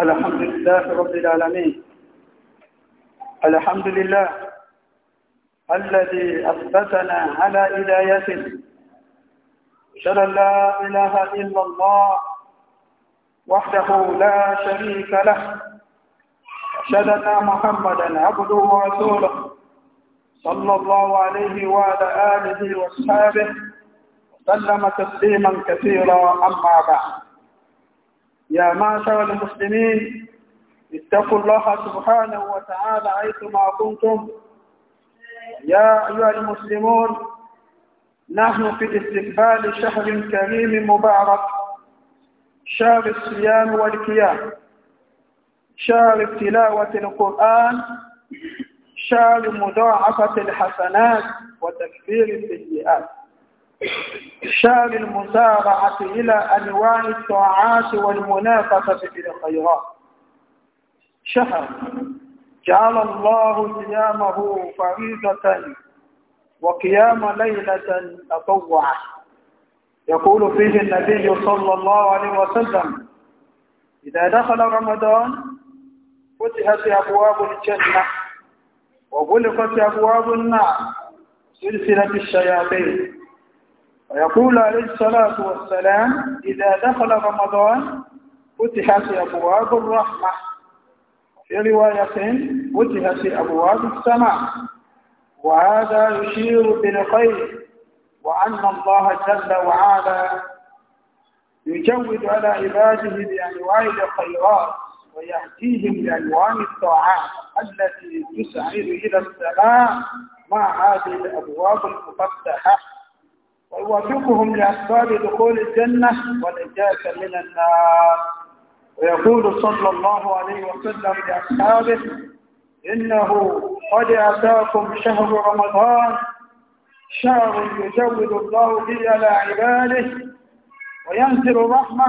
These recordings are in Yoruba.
الحمد لله رب العالمين الحمد لله الذي أثبتنا على هدايته أشهد أن لا إله إلا الله وحده لا شريك له أشهد أن محمدا عبده ورسوله صلى الله عليه وعلى آله وصحبه وسلم تسليما كثيرا أما بعد يا معشر المسلمين اتقوا الله سبحانه وتعالى حيثما كنتم يا أيها المسلمون نحن في استقبال شهر كريم مبارك شهر الصيام والكيام شهر تلاوة القرآن شهر مضاعفة الحسنات وتكفير السيئات شان المسارعة إلى أنواع الطاعات والمنافسة في الخيرات شهر جعل الله صيامه فريضة وقيام ليلة تطوعا يقول فيه النبي صلى الله عليه وسلم إذا دخل رمضان فتحت أبواب الجنة وغلقت أبواب النار سلسلة الشياطين ويقول عليه الصلاة والسلام إذا دخل رمضان فتحت أبواب الرحمة في رواية فتحت أبواب السماء وهذا يشير بالخير وأن الله جل وعلا يجود على عباده بأنواع الخيرات ويهديهم بألوان الطاعات التي تسعد إلى السماء مع هذه الأبواب المفتحة ويوافقهم لأسباب دخول الجنة والنجاة من النار ويقول صلى الله عليه وسلم لأصحابه إنه قد أتاكم شهر رمضان شهر يجود الله به على عباده وينزل الرحمة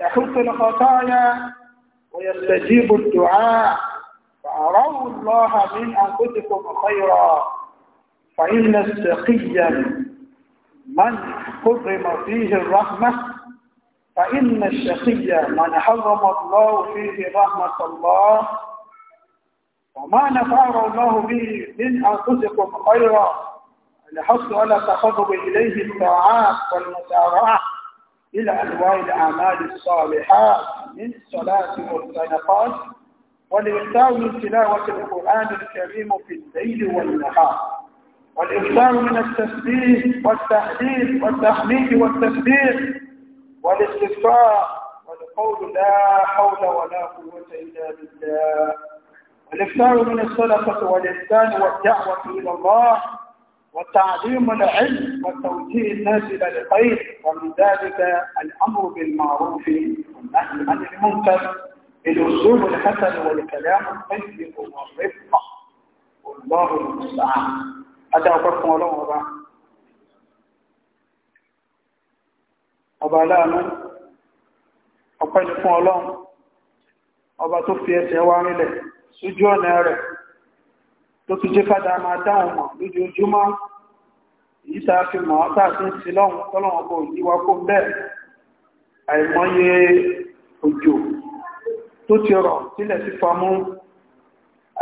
ويحط الخطايا ويستجيب الدعاء فأروا الله من أنفسكم خيرا فإن السقي من حرم فيه الرحمة فإن الشقي من حرم الله فيه رحمة الله وما نفعه الله به من أنفسكم خيرا لحصل على التقرب إليه الطاعات والمسارعة إلى أنواع الأعمال الصالحات من الصلاة والصدقات والإكثار من تلاوة القرآن الكريم في الليل والنهار والإكثار من التسبيح والتحليل والتحميد والتسبيح والاستغفار والقول لا حول ولا قوة إلا بالله والإكثار من الصدقة والإحسان والدعوة إلى الله وتعظيم العلم وتوجيه الناس إلى الخير ومن ذلك الأمر بالمعروف والنهي عن المنكر بالأسلوب الحسن والكلام الطيب والرفقة والله المستعان adá ọpẹ́ fún ọlọ́run ọba ọba aláàánú ọpẹ́ ni fún ọlọ́run ọba tó fi ẹsẹ̀ wa rinlẹ̀ sójú ọ̀nà rẹ̀ tó ti jẹ́ fádà máa dáhùn mọ̀ lójoojúmọ́ èyí tá a fi mọ̀ ọ́ tá a ti ń sin lọ́hùn tọ́lọ́run ọba òní wa kó bẹ́ẹ̀ àìmọye òjò tó ti rọ̀ sílẹ̀ sí famú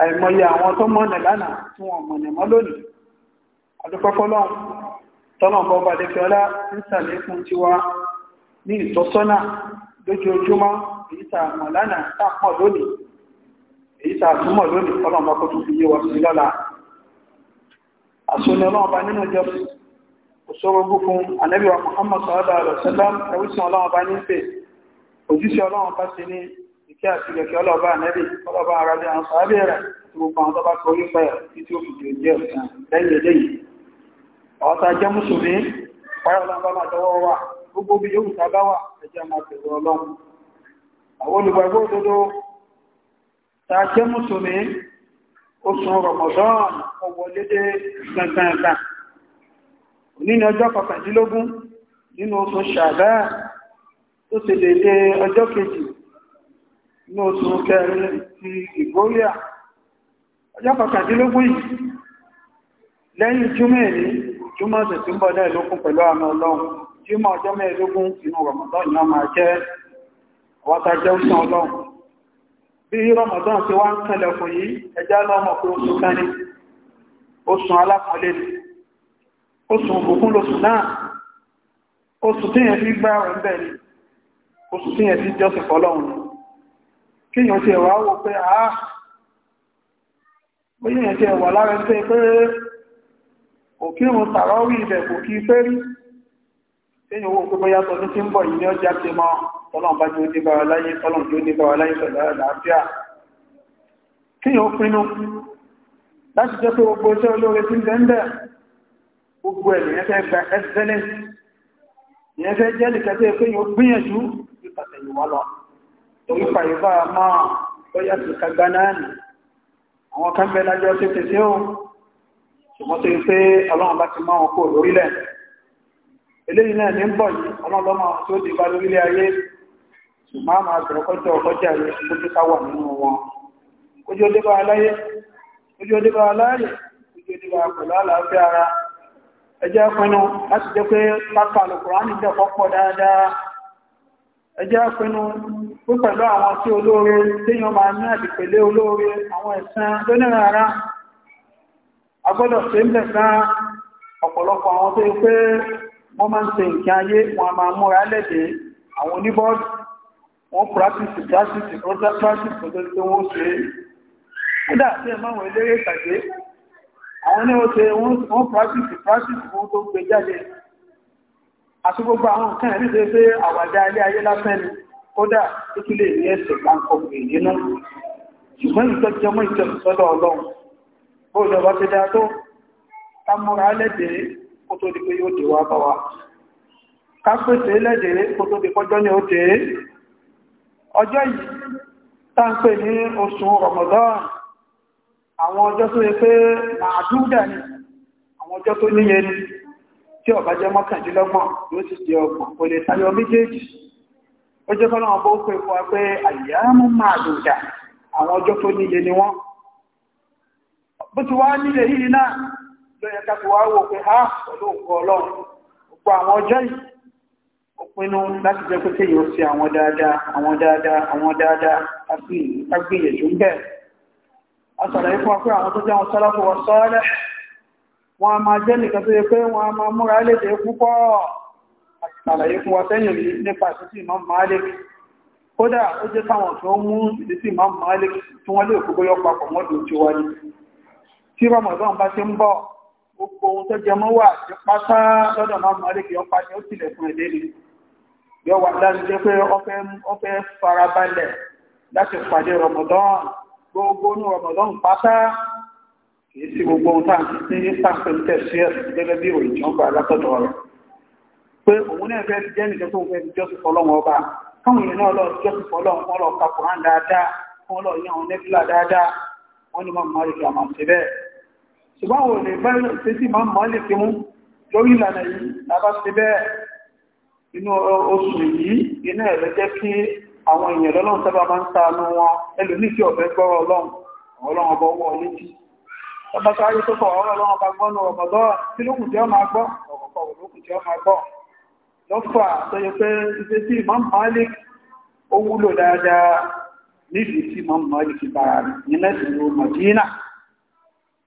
àìmọye àwọn tó mọ̀nà lánàá tí wọ́n mọ̀nà mọ́ lónìí àdúpọ́pọ́lọ́ tọ́lọ̀bọ́ bá lè fi ọlá ń sàlẹ̀ fún tiwa ní ìtọ́sọ́nà lójoojúmọ́ èyí tà mọ̀ lánàá tàpọ̀ lónìí èyí tà túnmọ̀ lónìí ọlọ́mọ kó tún fi yé wa sí lọ́la àsọ́nà ọlọ́ọ̀bá nínú ìjọ òṣòrògún fún anẹ́bíwa Muhammad sọ́ọ́dà rẹ̀ sẹ́lá ẹwùsìn ọlọ́ọ̀bá ní pé òjíṣẹ́ ọlọ́ọ̀bá sí ní ìkẹ́ àti ìrẹ̀kẹ́ ọlọ́ọ̀bá anẹ́bí ọlọ́ọ̀bá arábẹ́ àwọn sàábẹ́ rẹ̀ tí gbogbo àwọn tọ́bá kọrí pẹ̀ tí àwọn tá a jẹ́ mùsùlùmí páyà ọlọ́run bá máa tọwọ́ wà gbogbo bí yóò sábà wà ẹjẹ́ máa tẹ̀lé ọlọ́run àwọn olùgbàgbọ́ òdodo tá a jẹ́ mùsùlùmí oṣù rọmọdán ọwọlédé gbangbangan nínú ọjọ́ kọkàndínlógún nínú oṣù ṣàbá tó ṣe dédé ọjọ́ kejì nínú oṣù kẹrin ti ìgbóríà ọjọ́ kọkàndínlógún yìí lẹ́yìn júmọ̀ èyí júmọ́ sì tí ń bọ̀ lẹ́ẹ̀lógún pẹ̀lú àmì ọlọ́run jímọ̀ ọjọ́ mẹ́ẹ̀ẹ́dógún inú rọ̀mọ̀dán ni a máa jẹ́ àwátá jẹ́ òsàn ọlọ́run bí rọ̀mọ̀dán ti wá ń kẹlẹ̀ fún yìí ẹjá lọ́mọ̀ òkírun tàrọ́wì ibẹ̀ kò kí fẹ́rí tẹ́yìn owó pé bóyá tọdún tí ń bọ̀ yìí ní ọjà ti mọ́ tọ́lọ̀n bá jẹ́ oníbàwà láyé tọ́lọ̀n tí ó níbàwà láyé pẹ̀lú àlàáfíà kíyàn ó pinnu láti jẹ́ pé gbogbo iṣẹ́ olóore tí ń bẹ́ ń bẹ̀ gbogbo ẹ̀ nìyẹn fẹ́ gba excellence ìyẹn fẹ́ jẹ́ nìkan tí pé yóò gbìyànjú ìpàtẹ̀ ìwà lọ torí pàyíbà máa bóyá sì kagbá náà nì àwọn kan bẹ lájọ tètè sí òun ṣùgbọ́n tó ń pé ọlọ́run bá máa wọn lórílẹ̀ náà ní ń bọ̀ yìí ọlọ́lọ́mọ tí ó ti bá lórílẹ̀ ayé ṣùgbọ́n àmà àgbẹ̀rẹ̀kọ́jọ́ ọkọ́jà rẹ̀ kójú ká wà nínú wọn kójú aláyé kójú aláyé kójú pẹ̀lú ara ẹjẹ́ pinnu láti jẹ́ pé pápá alùkùránì jẹ́ pọ́pọ̀ dáadáa ẹjẹ́ pinnu àwọn tí olóore agbọ́dọ̀ ṣe ń bẹ̀ sáà ọ̀pọ̀lọpọ̀ àwọn tó yí pé wọ́n máa ń ṣe nǹkan ayé wọn máa múra lẹ́dẹ̀ àwọn oníbọ́ọ̀dù wọ́n practice practice practice practice tó tó wọ́n ṣe kódà sí ẹ̀ máwọn eléré ìtàgé àwọn ní oṣe wọ́n practice practice fún tó gbé jáde àti gbogbo àwọn nǹkan ẹ̀rí tó ṣe àwàdà ilé ayé lásán ni kódà tó tún lè ní ẹsẹ̀ pàǹkọ̀ nínú ṣùgbọ́n ìtọ́jọmọ́ ìtọ́jọsọ́dọ̀ ọlọ́run bóòlù ọba ti dáa tó támúra lẹ́dẹ̀ẹ́ kó tó di pé yóò dé wá bá wa ká pèsè lẹ́dẹ̀ẹ́ kó tó di kọjọ́ ní òde ọjọ́ yìí tá pè ní oṣù Ramadan àwọn ọjọ́ tó yẹ pé màádúdà ni àwọn ọjọ́ tó níye ni tí ọba jẹ́ mọ́kàndínlọ́gbọ̀n ọgbọ̀n kò bó ti wá nílẹ̀ yìí náà lóyẹ káàkiri wò pé ha pẹ̀lú òkú ọlọ́run òkú àwọn ọjọ́ yìí ó pinnu láti jẹ́ pé kéèyàn ó ṣe àwọn dáadáa àwọn dáadáa àwọn dáadáa àti ìkágbìyànjú ń bẹ̀ a sàlàyé fún wa àwọn tó jẹ́ àwọn sọ́ọ́lẹ̀ wọn a máa jẹ́ nìkan tó yẹ pé wọn a máa múra léde púpọ̀ àti sàlàyé fún sẹ́yìn nípa Malik tí rọmọdán bá ṣe ń bọ̀ gbogbo ohun tó jẹmọ́ wà ní pátá lọ́dọ̀ máa mọ̀ lè kí ọpa ni ó tilẹ̀ fún ẹ̀dẹ́ ni yọ wà láti jẹ́ pé ọfẹ́ farabalẹ̀ láti pàdé rọmọdán gbogbo ní rọmọdán pátá kìí sí gbogbo ohun tá ní sáfẹ́ tẹ̀sí ẹ̀sìn gẹ́gẹ́ bí òyìn tí wọ́n gba látọ̀dọ̀ rẹ̀ pé òun náà fẹ́ jẹ́ nìkan tó ń fẹ́ jọ́sìn fọlọ́wọ́n ọba káwọn èèyàn náà lọ jọ́sìn fọlọ́wọ́n wọn lọ ka kùrán dáadáa wọn lọ yan àwọn nẹ́fìlà dáadáa wọn ni wọn máa rí kí a bẹ́ẹ̀ ṣùgbọ́n wò lè bẹ́rẹ̀ tí tí máa mọ́ lè fi mú lórí ìlànà yìí lábá ti bẹ́ẹ̀ inú oṣù yìí iná ẹ̀rẹ́ jẹ́ kí àwọn èèyàn lọ́lọ́run sábà máa ń ṣàánú wọn ẹlòmí tí ọ̀fẹ́ gbọ́rọ̀ ọlọ́run ọlọ́run ọba ọwọ́ létí ọba sáré tó kọ̀ ọ̀rọ̀ ọlọ́run ọba gbọ́nù ọ̀bọ̀dọ́ tí lókùn tí ó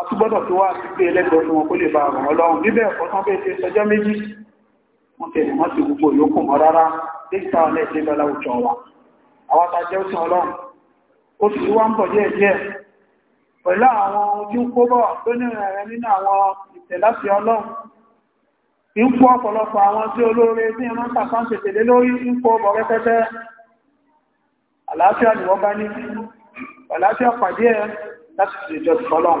àtúgbọ́dọ̀ tó wá sí pé ẹlẹ́gbẹ̀ẹ́ fún wọn kó lè bá àwọn ọlọ́run níbẹ̀ ẹ̀kọ́ tán bẹ́ẹ̀ ṣe sọjọ́ méjì wọ́n tẹ̀lé wọ́n ti gbogbo yòókù mọ́ rárá déjìta ọ̀nà ẹ̀ṣẹ́ bá láwùjọ wa àwọn ta jẹ́ òsìn ọlọ́run ó sì wá ń bọ̀ díẹ̀ díẹ̀ pẹ̀lú àwọn ohun tí ń kó bọ̀ tó ní rẹ̀ nínú àwọn ìtẹ̀láṣẹ ọlọ́run ń ni wọ́n bá ní àlàáfíà pàdé ẹ̀ láti ṣèjọ́ ìfọ́lọ́run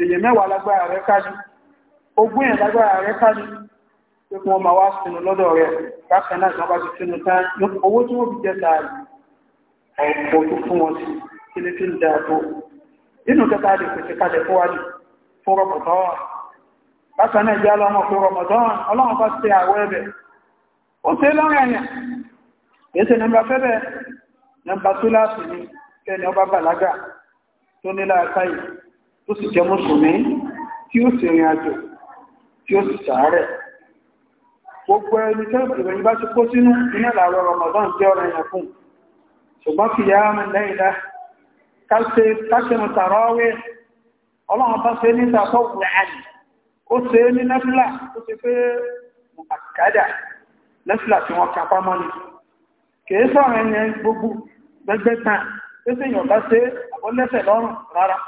èyẹ mẹ́wàá lágbára rẹ̀ kájú ogún ẹ̀ lágbára rẹ̀ kájú pé kí wọ́n máa wá sínú lọ́dọ̀ rẹ̀ bákan náà kan bá ti sínú tán owó tí wọ́n fi jẹ tààrí ọ̀pọ̀ tó fún wọn sí kí ní fi ń da tó nínú kẹta lè pèsè kalẹ̀ fúwájú fún rọmọdán bákan náà ni kẹ́ni ọba bàlágà tó nílá àkáyì tó sì jẹ́ mùsùlùmí tí ó sì rìn àjò tí ó sì sàárẹ̀ gbogbo ẹni tẹ́ ìròyìn bá ti kó sínú iná làárọ̀ Ramadan jẹ́ ọ̀rọ̀ ẹ̀yàn fún ṣùgbọ́n kì yá mẹ́ lẹ́yìnlá káṣẹ́mù tàràwẹ̀ ọlọ́run bá ṣe ní tàkọ́ wùhánì ó ṣe ní nẹ́fìlà ó ṣe pé àkádà nẹ́fìlà tí wọ́n kapa mọ́ ni kìí sọ̀rọ̀ ẹ̀yẹn gbogbo gbẹgbẹ́ tán pé sèyàn bá ṣe àbọ́lẹ́sẹ̀ lọ́rùn rárá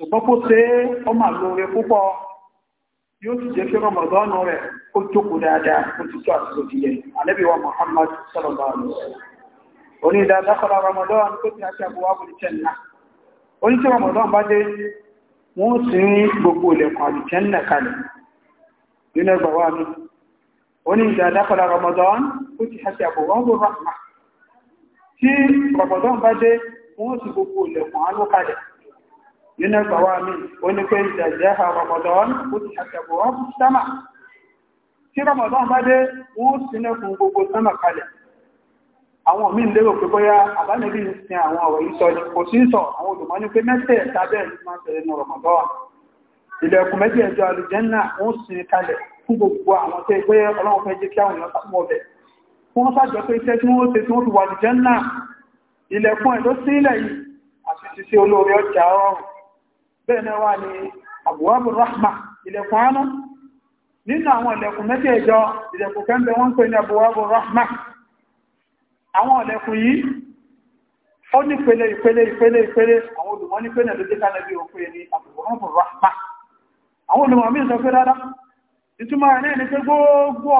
ṣùgbọ́n kó ṣe é ó mà lóore púpọ̀ yóò sì jẹ́ kí rọmọdọ́nù rẹ̀ ó jókòó dáadáa ó ti tó àti òdì yẹn ànábì wa Muhammad sallallahu alaihi wasallam oní ìdáadáa kọ́ra rọmọdọ́nù tó ti àti àbúwá bùrù jẹ́nà oní tí rọmọdọ́nù bá dé wọ́n sì ní gbogbo ilẹ̀kùn àlùjẹ́nà kalẹ̀ nínú ẹgbà wa mi oní Ramadan, kọ́ra rọmọdọ́nù tó ti àti àbúwá bùrù rahma tí rọmọdọ́nù bá dé wọ́n sì gbogbo ilẹ̀kùn àánú nínú ẹgbà wa mi ó ní pé ìjẹ̀jẹ̀ Ramadan ó ti ṣàṣẹ̀bọ̀ wọn fún sámà tí Ramadan bá dé wọ́n sínẹ́kùn gbogbo sámà kalẹ̀ àwọn míì lérò pé bóyá àbánibí ń sin àwọn ọ̀rọ̀ yìí sọ ni kò sí sọ àwọn olùmọ́ ní pé mẹ́tẹ̀ẹ̀ta bẹ́ẹ̀ ló máa ń ní Ramadan ilẹ̀kùn méjì ẹjọ́ alùjẹ́nà wọ́n sin kalẹ̀ fún gbogbo àwọn tẹ́ pé ọlọ́run fẹ́ jẹ́ kí àwọn èèyàn sàmọ́ ọbẹ̀ wọ́n sàjọ pé iṣẹ́ tí wọ́n ṣe tí wọ́n fi wà alùjẹ́nà ilẹ̀kùn ẹ̀ ló sílẹ̀ yìí àti ti ṣe olóore ọjà ọrùn bẹ́ẹ̀ náà wà ní àbúwábù rahma ilẹ̀kùn àánú nínú àwọn ilẹ̀kùn mẹ́tẹ̀ẹ̀jọ ilẹ̀kùn kemgbe wọ́n pè ní àbúwábù rahma àwọn ilẹ̀kùn yìí ó ní pele ìpele ìpele ìpele àwọn olùmọ̀ rahma gbogbo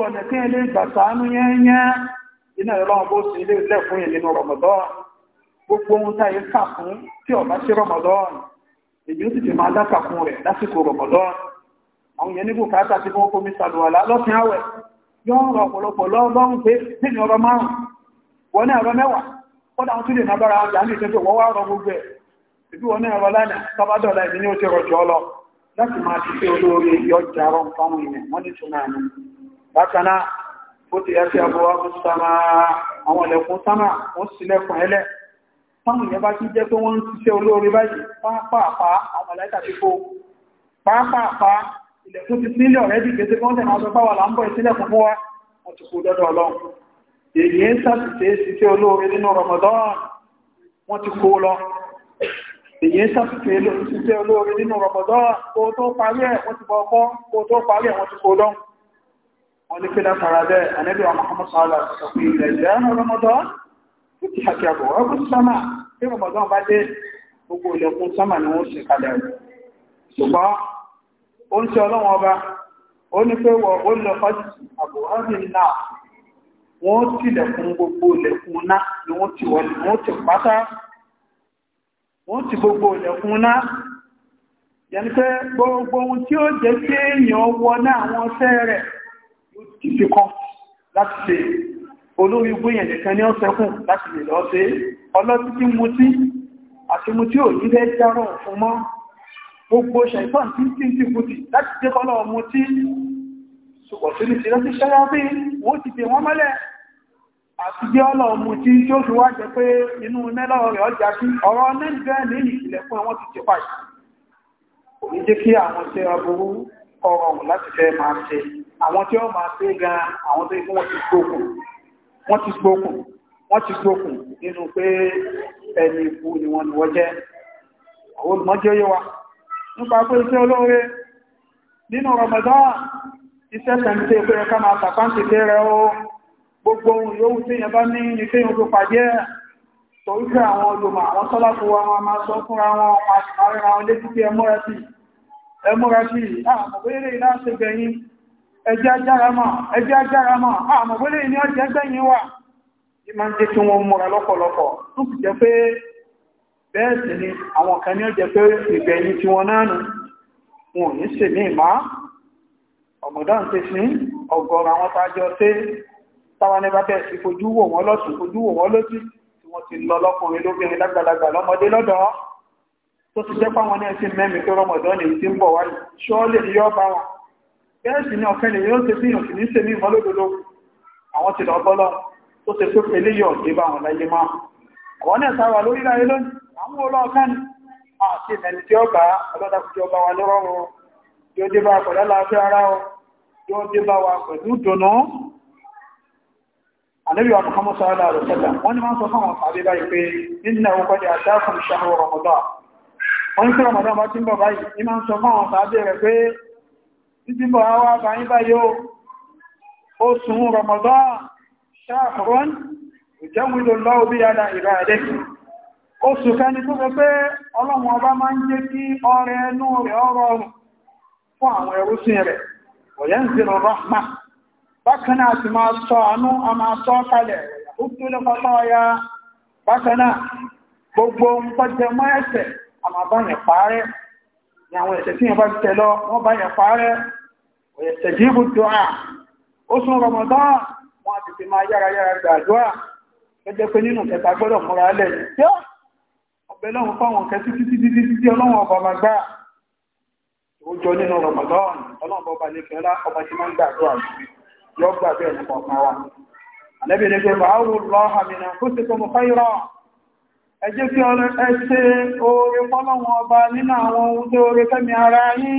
ọ̀nà tí yẹn yẹn iná ọlọ́run bó sì ilé ilẹ̀ fún ìlẹ́nu rọmọdọ́n gbogbo ohun tá yìí kà fún tí ọba ṣe rọmọdọ́n èyí ó sì fi máa dákàkún rẹ̀ lásìkò rọmọdọ́n àwọn yẹn níbù káàtà tí wọ́n kó mi sàlùwàlá lọ́sìn àwẹ̀ yóò rọ ọ̀pọ̀lọpọ̀ lọ́rùn pé nínú ọ̀rọ̀ márùn-ún wọ́n ní ọ̀rọ̀ mẹ́wàá kọ́dà wọ́n tún lè nábára ọjà ní ìtẹ́jọ wọ́n wá rọ gbogbo ẹ̀ ìbí wọ́n ní ó ti ẹsẹ̀ àbúwá fún sáma àwọn ẹlẹ́kùn sáma ó sílẹ̀kùn ẹlẹ́ táwọn èèyàn bá ti jẹ́ pé wọ́n ń ṣiṣẹ́ olóore báyìí pàápàá àwọn ẹlẹ́ta ti kó pàápàá ilẹ̀kùn ti sílẹ̀ ọ̀rẹ́dì kété kí wọ́n tẹ̀ máa sọ fáwọn là ń bọ̀ ìsílẹ̀kùn fún wa wọ́n ti kó dọ́dọ̀ ọlọ́run èyí ń sàtìsẹ́ Ramadan wọ́n ti kó lọ èyí ń sàtìsẹ́ ṣiṣẹ́ olóore Ramadan kó tó parí ẹ̀ wọ́n ní pínlẹ̀ faradẹ́ anẹ́bí wa Muhammad sallallahu alaihi wasallam ilẹ̀ ìjẹ́ Ramadan títí àti àbọ̀ ọkùn sọ́mà tí Ramadan bá dé gbogbo ilẹ̀kùn sọ́mà ni wọ́n sì kalẹ̀ rẹ̀ ṣùgbọ́n ó ń ṣe ọlọ́wọ́n ọba ó ní pé wọ ó lọ fọ́ àbọ̀ ọ̀rìn náà wọ́n tilẹ̀kùn gbogbo ilẹ̀kùn náà ni wọ́n ti wọlé wọ́n ti pátá wọ́n ti gbogbo ilẹ̀kùn náà yẹn pé gbogbo ohun tí ó jẹ́ sí èèyàn wọ náà wọ́n fẹ́ rẹ̀ difficult láti ṣe olórí gbóyẹ̀ nìkan ní ọ́sẹ́kùn láti lè lọ sí ọlọ́tí tí mú tí àti mú tí ò ní fẹ́ járọ̀ fún mọ́ gbogbo ṣẹ̀fọ́n tí tí tí bùtì láti jẹ́ kọ́lọ̀ mú tí ṣùgbọ́n tí ti lọ́sí ṣẹ́yá pé wọ́n ti tẹ wọ́n mọ́lẹ̀ àti jẹ́ ọlọ́ mú tí tí ó fi wá jẹ pé inú mẹ́lọ́ rẹ̀ ọjà sí ọ̀rọ̀ mẹ́gbẹ́ ní àwọn tí ó máa ṣe gan àwọn tó ikú wọ́n ti gbókùn wọ́n ti gbókùn wọ́n ti gbókùn nínú pé ẹni ikú ni wọ́n ni wọ́n jẹ́ àwọn olùmọ́jẹ́ yé wa nípa pé iṣẹ́ olóore nínú Ramadan iṣẹ́ kẹntẹ́ pé ẹka máa tàbáǹtì tẹ́rẹ ó gbogbo ohun yóò tí yẹn bá ní ní tí yóò tó pàdé ẹ̀ tó wípé àwọn olùmọ̀ àwọn sọ́lápù wa wọn máa sọ fúnra wọn àrẹ́ra wọn létí pé ẹmúra sí ẹmúra sí àwọn òwérè ah, láti gbẹ̀yìn ẹjẹ́ ajáramọ̀ ẹjẹ́ ajáramọ̀ àmọ̀gbólé ní ọjẹ́ wà tí ma ń jẹ́ kí wọ́n múra lọ́pọ̀lọpọ̀ tó sì jẹ́ pé bẹ́ẹ̀ sì ni àwọn kan ní ọjẹ́ pé ìgbẹ̀yìn tí wọ́n náà nù wọn ò ní sì ní ìmá ọmọdán ti sí ọgọ́rọ̀ àwọn tájọ tẹ́ táwọn ẹbá bẹ́ẹ̀ sí fojú wò wọ́n lọ́sùn fojú wò wọ́n lójú tí bẹ́ẹ̀ sì ni ọ̀kẹ́lẹ̀ yóò ṣe sí ìyànjú ní ṣe ní ìmọ́lódodo àwọn ti lọ́gbọ́lọ́ tó ṣe tó pẹ̀lẹ́ yọ̀ dé bá wọn láyé máa àwọn náà sára lórí láyé lónìí àwọn olóọ̀kan àti ìmẹ̀lì tí ó bá ọlọ́dàkùn tí ó bá wa lọ́rọ̀ tí ó dé bá pẹ̀lú aláàfẹ́ ara ọ tí ó dé bá wa pẹ̀lú dùnú ànábì wa Muhammad sallallahu alaihi wasallam wọ́n ni máa ń sọ fún àwọn sàbí báyìí pé nínú ẹ̀wọ́ kọ́dẹ̀ àṣà fún ìṣàhùn Ramadan wọ́n ń sọ Ramadan bá ti ń títí bọ̀ àwọn àbáyín báyé ó sùn Ramadan ṣáàkùrán ìjẹ́wìlò lọ́wọ́ bí yàdá ìrà ẹ̀dẹ́ oṣù kẹni tó pé ọlọ́run ọba máa ń jẹ́ kí ọrẹ rẹ̀ ọrọ̀ fún àwọn ẹrúsìn rẹ̀ ọ̀yẹ́ ń zèrò rahma a ya ni àwọn lọ wọ́n báyẹ̀ ويستجيب الدعاء oṣù Ramadan wọn a ti fi máa yára yára gbàdúrà gẹ́gẹ́ pé nínú kẹta gbọ́dọ̀ múra lẹ̀ tí ó ọ̀bẹ̀ lọ́wọ́ fáwọn kẹtí títí títí títí ọlọ́wọ́ ọba máa gbà ó jọ nínú Ramadan ọlọ́wọ́ ọba lè fẹ́lá ọba tí máa ń gbàdúrà yọ gbà bẹ́ẹ̀ nípa ẹ ṣe oore fọ́lọ́wọ́ ọba nínú àwọn ohun tó oore fẹ́mi ara yín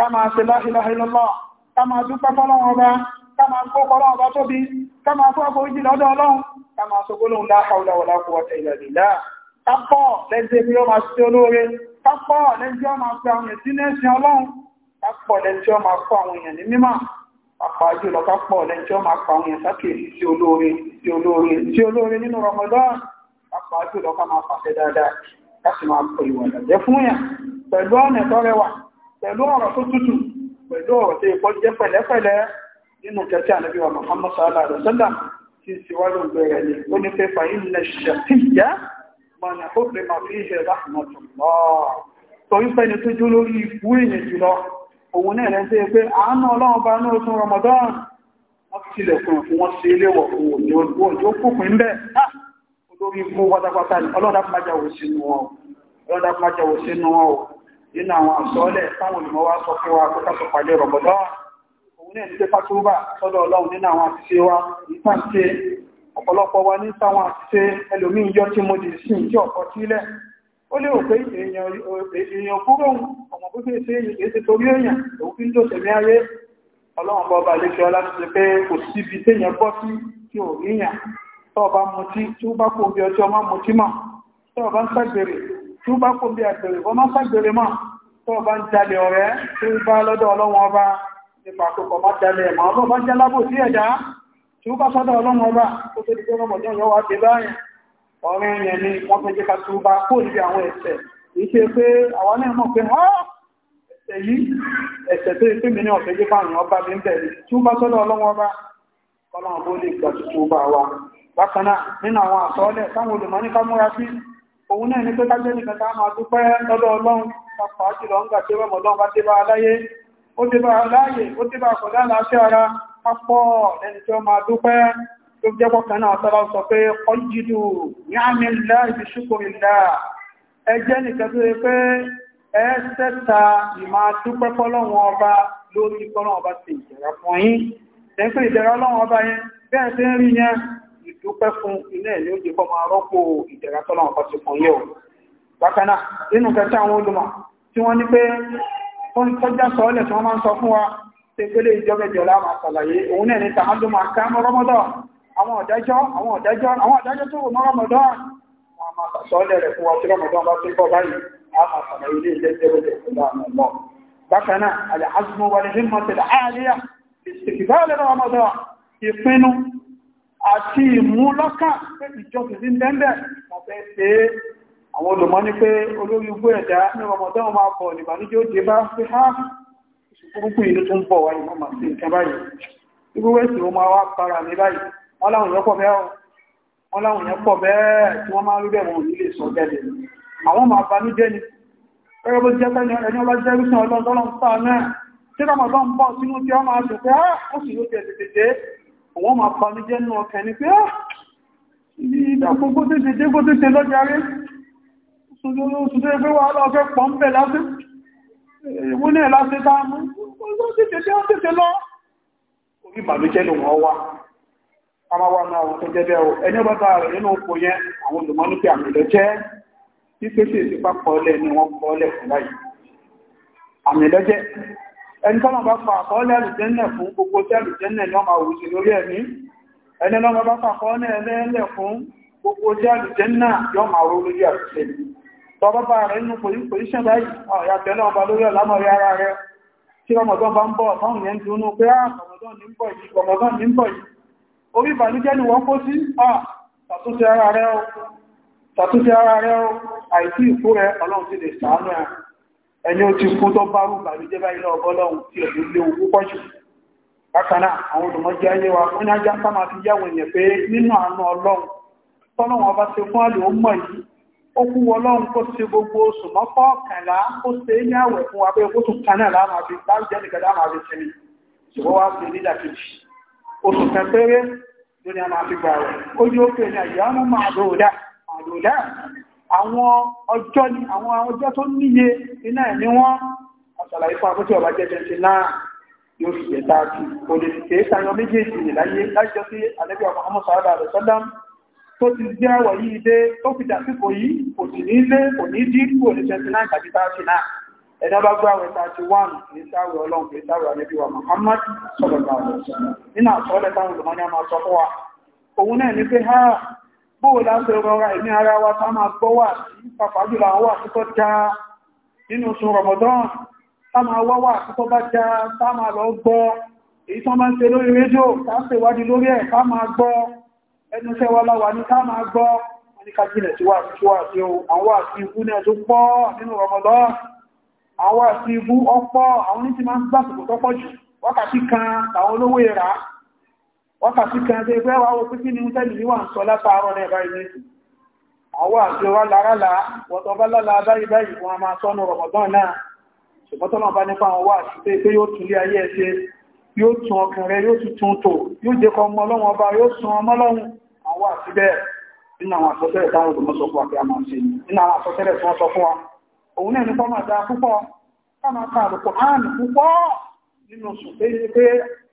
ká máa ṣe la ilaha illallah ká máa dúpẹ́ fọ́lọ́run ọba ká máa kókọ́ ọlọ́run ọba tóbi ká máa fọ́ ọkọ̀ ìjì lọ́dọ̀ ọlọ́run ká máa sọ gbólóhùn la hawla wala quwwata illa billah ká pọ̀ lẹ́sí ẹbí ó máa ṣe olóore ká pọ̀ lẹ́sí ó máa pe àwọn èèyàn sí nẹ́sìn ọlọ́run ká pọ̀ lẹ́sí ó máa kọ́ àwọn èèyàn ní mímọ́ pàápàá jùlọ ká pọ̀ lẹ́sí ó máa pa àwọn èèyàn sákèsí sí olóore sí olóore Ramadan pàápàá jùlọ ká máa pàṣẹ dáadáa ká sì máa pè ìwà ìdàjẹ́ fún yàn pẹ̀lú ọ̀nà tó rẹwà pẹ̀lú ọ̀rọ̀ tó tútù pẹ̀lú ọ̀rọ̀ tó ikọ́ jẹ́ pẹ̀lẹ́pẹ̀lẹ́ nínú kẹta ànábì wa Muhammad sallallahu alaihi wasallam ti síwájú bẹ̀rẹ̀ ni ó ní pé fàyín lè ṣàtìyà mọ̀nà ó lè máa fi ṣe rahmatullah torí pé ni tó jó lórí ikú èèyàn jùlọ òun náà rẹ̀ ń tẹ́ pé àánú ọlọ́run bá ní oṣù Ramadan wọ́n tilẹ̀ fún ọ̀fún wọn ṣe léwọ̀ fún òní ọjọ́ kókùn ń bẹ̀ olórí ikú pátápátá ni nínú àwọn àṣọ́ọ́lẹ̀ táwọn olùmọ́wá sọ fún wa tó kásọ̀ pàdé rọ̀bọ̀dọ́ òun náà ní pé fásúrúbà sọ́dọ̀ ọlọ́run nínú àwọn àṣìṣe wa nípa ṣe ọ̀pọ̀lọpọ̀ wa ní sáwọn àṣìṣe ẹlòmí yọ tí mo dì sí ìjọ ọ̀pọ̀ sílẹ̀ ó lè rò pé èèyàn kúrò ọmọ pípé sí èsì torí èèyàn òun fi ń dò tẹ̀mí ayé ọlọ́run bọ́ bá léṣe ọlá ti pé kò síbi téèyàn bọ́ sí tí ò ríyàn tó bá mutí tí ó bá kò bí ọjọ́ má mutí mọ̀ tó bá ń sàgbèrè tó bá kó bí àgbèrè wọ́n má sàgbèrè mọ́ tó bá ń jalè ọ̀rẹ́ tó bá lọ́dọ̀ ọlọ́wọ́n ọba nípa àkókò má jalè mọ́ ọlọ́ bá jẹ́ lábò sí ẹ̀dá tó bá sọ́dọ̀ ọlọ́wọ́n ọba tó tó di pé rọmọdún yọ wá dé báyìí ọ̀rẹ́ yẹn ni wọ́n fẹ́ jẹ́ ká tó bá kó níbi àwọn ẹ̀ṣẹ̀ kì í ṣe pé àwa náà mọ̀ pé ẹ̀ṣẹ̀ yìí ẹ̀ṣẹ̀ tó ṣe mí ní ọ̀fẹ́ jẹ́ fáwọn ọba mi ń bẹ̀rẹ̀ tó bá sọ́dọ̀ ọlọ́wọ́n ọba ọlọ́run bó lè gbà tó tó bá wa bákan náà nínú àwọn àsọ́ọ́lẹ̀ táwọn olùmọ́ ní ká múra sí òun náà ní pé kájẹ́ nìkan ká máa dúpẹ́ lọ́dọ̀ ọlọ́run pàápàá jùlọ ń gbà tí wọ́n mọ̀lọ́run bá dé bá aláyé ó dé bá aláyè ó dé bá àkọ̀dá àlàáfíà ara pápọ̀ ẹni tí ó máa dúpẹ́ tó jẹ́ pọ̀kan náà sọ́lá sọ pé ọjídù ní ibi ṣúkòrì ńlá ẹjẹ́ nìkan tó yẹ pé ẹ sẹ́ta ìmá dúpẹ́ fọ́lọ́run ọba lórí fọ́lọ́run ọba ti ìjẹ̀rà fún yín dúpẹ́ fún iná ẹ̀ ní oúnjẹ kọ́ máa rọ́pò ìdẹ̀ra tọ́lá ọkọ̀ ti fún yẹ̀ o bákan náà nínú kẹta àwọn olùmọ̀ tí wọ́n ní pé ó ń tọ́jà sọ́ọ́lẹ̀ tí wọ́n máa ń sọ fún wa ṣe pélé ìjọba ìjọba máa ṣàlàyé òun náà ní tàmádùn máa ká mọ́ rọ́mọ́dọ̀ àwọn ọ̀dájọ́ àwọn ọ̀dájọ́ àwọn ọ̀dájọ́ tó wò mọ́ rọ́mọ́dọ̀ wọn máa sàṣọ́ọ́lẹ̀ rẹ̀ fún wa tí rọ́mọ́dọ̀ bá tún bọ̀ báyìí a máa ṣàlàyé ilé iṣẹ́ tẹ́lẹ̀ tẹ́lẹ̀ tẹ́lẹ̀ àmọ́ bákan náà àlẹ́ àzùmọ̀ wà ní àti ìmúlọ́kà pé ìjọsìn sí tẹ́ndẹ̀ ọ̀fẹ́ pé àwọn olùmọ́ ní pé olórí ugbó ẹ̀dá ní ọmọdé wọn máa pọ̀ nìbà ní jẹ́ ó jẹ bá pé ha ìṣùkúrúkú ìlú tó ń bọ̀ wáyé wọ́n máa sí nǹkan báyìí ìgbówẹ́ sí ó máa wá para ní báyìí wọ́n láwọn èèyàn pọ̀ bẹ́ẹ̀ wọ́n láwọn èèyàn pọ̀ bẹ́ẹ̀ tí wọ́n máa ń rí bẹ́ẹ̀ wọn ò ní lè sọ bẹ́ẹ̀ àwọn máa ba ní jẹ́ ni ẹgbẹ́ bó jẹ́ pé ẹni ọba wọ́n máa pa ah, ní jẹ́nu ọkẹ̀ ní pé á ní ìdàgbogbo tó ṣe dégbò tó ṣe lọ́jàrí ṣùgbọ́n ẹgbẹ́ wà lọ́fẹ́ pọ̀ ń bẹ̀ láti ìwúnà láti dámú Àmì lọ́jẹ́ ẹni bá fà àkọọ́lẹ̀ àlùjẹ́nẹ̀ fún gbogbo tí àlùjẹ́nẹ̀ ni wọ́n máa lórí ẹ̀mí ẹni bá fà àkọọ́lẹ̀ fún gbogbo tí àlùjẹ́nẹ̀ yọ́ máa wó lórí àṣìṣe tọ́bọ́ bá rẹ̀ nínú pòlíṣẹ́ báyìí ọ̀yàtẹ̀ tí ọmọdán ah, ní ń bọ̀ yìí ọmọdán ẹni ó ti kú tó bá rú bàlújẹ́ báyìí lọ bọ́lọ́hùn tí ẹ̀dùn léwu púpọ̀ jù bákan náà àwọn olùmọ̀jẹ́ ayé wa wọ́n ní ajá ká máa fi yẹ̀wò yẹn pé nínú àánú ọlọ́run tọ́lọ́run ọba ṣe fún àlè ó mọ̀ yìí ó kú ọlọ́run kó ṣe gbogbo oṣù mọ́kọ́ kànlá ó ṣe é ní àwẹ̀ fún wa pé ó tún kan náà láàmà fi bájẹ́ nìkan láàmà fi sinmi ṣùgbọ́n wá sí nídàkejì oṣù kan péré lónìí a máa fi gbà rẹ̀ ó yóò pè ní àyè àwọn ọjọ́ ni àwọn ọjọ́ tó níye iná ẹ̀ ní wọ́n àṣàlàyé fún ọba jẹ́jẹ́ ti náà yóò sì yẹta àti kò lè sì kéé sáyọ méjèèjì ní láyé lájọ sí ọmọ ọmọ sàádà rẹ̀ tó ti jẹ́ àwọ̀ yìí dé tó fi yìí kò sì ní ilé kò ní dí kò ní twenty tàbí ẹ̀dá bá gbá àwẹ̀ sáwẹ̀ ọlọ́run sáwẹ̀ a bóò láti rọra ẹ̀mí ara wa tá máa gbọ́ wà sí pàpàájúlọ àwọn àkútọ́ já nínú oṣù Ramadan máa wá wà bá já máa lọ gbọ́ èyí tán máa lórí rédíò lórí ẹ̀ máa gbọ́ ẹnu iṣẹ́ wa láwà ní máa gbọ́ tí wà wákàtí kan tẹ́ fẹ́ wáwọ́ pín kí ni ń tẹ́lì níwà ń sọ látàárọ̀ náà báyìí ní àwọ́ àti wá lárálà wọ́tọ̀ bá lálà báyìí báyìí wọn a máa sọ́nù rọ̀mọ̀dán náà ṣùgbọ́n tọ́nà bá nípa àwọn wá àṣìṣe pé yóò tún lé ayé ẹ̀ṣẹ́ yóò tún ọkàn rẹ yóò tún tún tò yóò jẹ́ kọ ọmọ ọlọ́run ọba yóò sun ọmọ ọlọ́run àwọn àti bẹ́ẹ̀ nínú àwọn àsọtẹ́lẹ̀ táwọn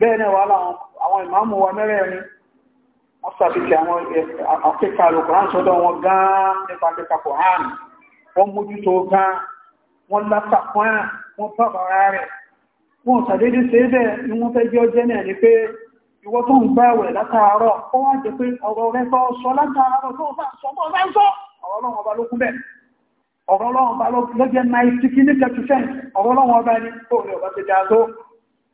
bẹ́ẹ̀ náà wà àwọn ìmáàmù wa mẹ́rẹ̀ẹ̀rin wọ́n sàfihì àwọn àkíkà alùkùnrán sọ́dọ̀ wọn gan-an nípa kíkà kòhán wọ́n mójútó gan-an wọ́n látàkùn wọ́n bàbára rẹ̀ wọ́n sàdédé ṣe bẹ́ẹ̀ ni wọ́n fẹ́ jẹ́ ọjẹ́ náà ni pé ìwọ tó ń gbáwẹ̀ látàárọ̀ ó wá jẹ́ pé ọ̀rọ̀ rẹ̀ tó sọ látàárọ̀ tó sọ ọ̀rọ̀ ọlọ́run ọba ló kún bẹ́ẹ̀ ọ̀rọ̀ ọlọ́run ọba ló jẹ́ 90 kìíní 30 ọ̀rọ̀ ọlọ́run ọba ni tó rẹ̀ ọba ti dáa tó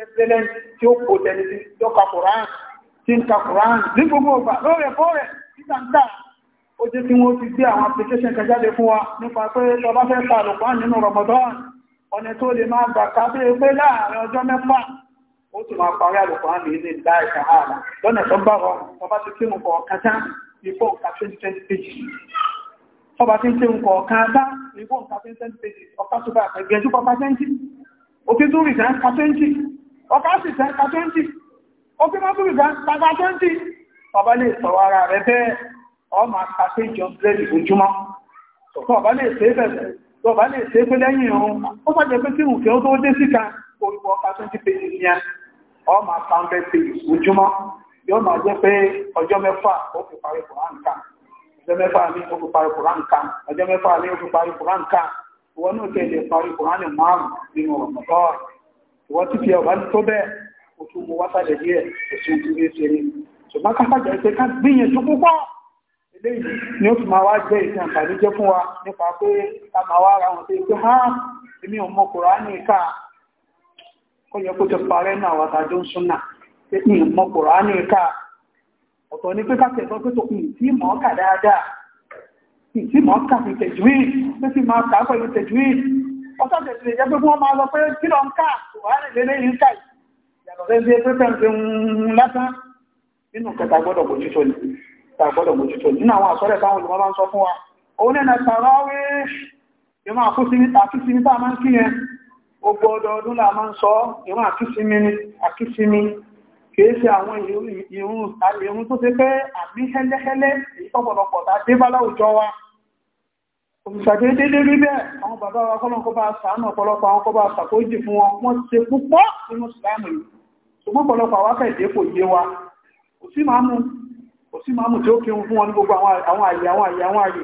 excellent tí ó kò tẹ̀lé sí lọ́ka koran tí ń ka koran ní gbogbo ọgbà lóòrẹ̀ fọ́ọ̀rẹ̀ títà ń tà ó jẹ́ tí wọ́n ti gbé àwọn application kan jáde fún wa nípa pé tó fẹ́ ka lùpán nínú Ramadan ọ̀nà tó lè máa gbà ká bí pé láàrin ọjọ́ mẹ́fà ó sì máa parí àlùpán mi ní ìdá ìka ààrà lọ́nà tó bá rọrùn tó bá ti kírun kọ̀ọ̀kan tán ipò nǹkan 2020 page ọba tí ń ṣe nǹkan ọ̀kan bá ipò nǹkan 2020 page ọ̀kan tó bá àpẹgbẹ́jú pápá 20 òkè tó rìsàn ká ọkà sì tẹ́ ka 20 òkè mọ́tòrì gbàgbà 20 bàbá lè sọ̀rọ̀ ara rẹ̀ bẹ́ẹ̀ ọmọ àkàtẹ́ ìjọ bẹ́ẹ̀lì ojúmọ́ tọ́kọ̀ bàbá lè ṣe bẹ̀rẹ̀ tó bá lè ṣe pé lẹ́yìn ọ̀hún ó fọ́jẹ́ pé kí ìrùkẹ́ ó tó dé síta orúkọ ọ̀ka 20 pages ní ọmọ àkàtẹ́ pages ojúmọ́ yóò máa jẹ́ pé ọjọ́ mẹ́fà ó fi parí Quran kan ọjọ́ mẹ́fà ní ó fi parí Quran kan ọjọ́ mẹ́fà ní ó fi parí Quran kan ìwọ náà tẹ̀lé parí Quran márùn-ún nínú ọ̀mọ̀tọ́ọ̀rọ̀ ìwọ́n tí fi ọ̀bá tó bẹ́ẹ̀ oṣù mo wásàlẹ̀ díẹ̀ oṣù tí ó ṣe ní ṣùgbọ́n kápájà ìṣe ká gbìyànjú púpọ̀ eléyìí ni ó fi máa wá jẹ́ ìṣe àǹfààní jẹ́ fún wa nípa pé ká máa wá ara wọn sí pé ha èmi ò mọ Kùránì ká ó yẹ kó ti parẹ́ náà wà tàjọ ń súnà pé mi ò mọ Kùránì ká ọ̀tọ̀ ni pé ká tẹ̀sọ́ pé tó kùn tí mọ̀ ọ́ kà dáadáa tí mọ̀ ọ́ kà fi tẹ̀jú ọjọ́ tẹ̀sí lè jẹ́ pé wọ́n máa lọ pé kí lọ ń ká wàhálì lé lẹ́yìn ká yàtọ̀ lé bí pé pẹ́ǹpẹ́ ń lásán nínú kẹta gbọ́dọ̀ bójútó ni ta gbọ́dọ̀ bójútó nínú àwọn àsọ́rẹ̀ táwọn olùmọ́ máa ń sọ fún òun náà tààrà wé ìmọ̀ àkísimi tá a máa ń kí yẹn gbogbo ọdọọdún là máa ń sọ ìmọ̀ àkísimi ni àkísimi kìí ṣe àwọn ìrun tó ṣe pé àmì hẹ́lẹ́hẹ́lẹ́ ìtọ́pọ̀lọpọ̀ tá a dé bá láwùjọ wa òṣìṣàdédé lérí bẹ́ẹ̀ àwọn bàbá wa kọ́lọ̀ kọ́ bá sàánà ọ̀pọ̀lọpọ̀ àwọn kọ́ bá sàkójì fún wọn wọ́n ṣe púpọ̀ nínú ìsìláàmù yìí ṣùgbọ́n ọ̀pọ̀lọpọ̀ àwọn akẹ́ẹ̀dẹ́ kò yé wa kò sí máàmù tí ó kírun fún wọn ní gbogbo àwọn àyè àwọn àyè àwọn àyè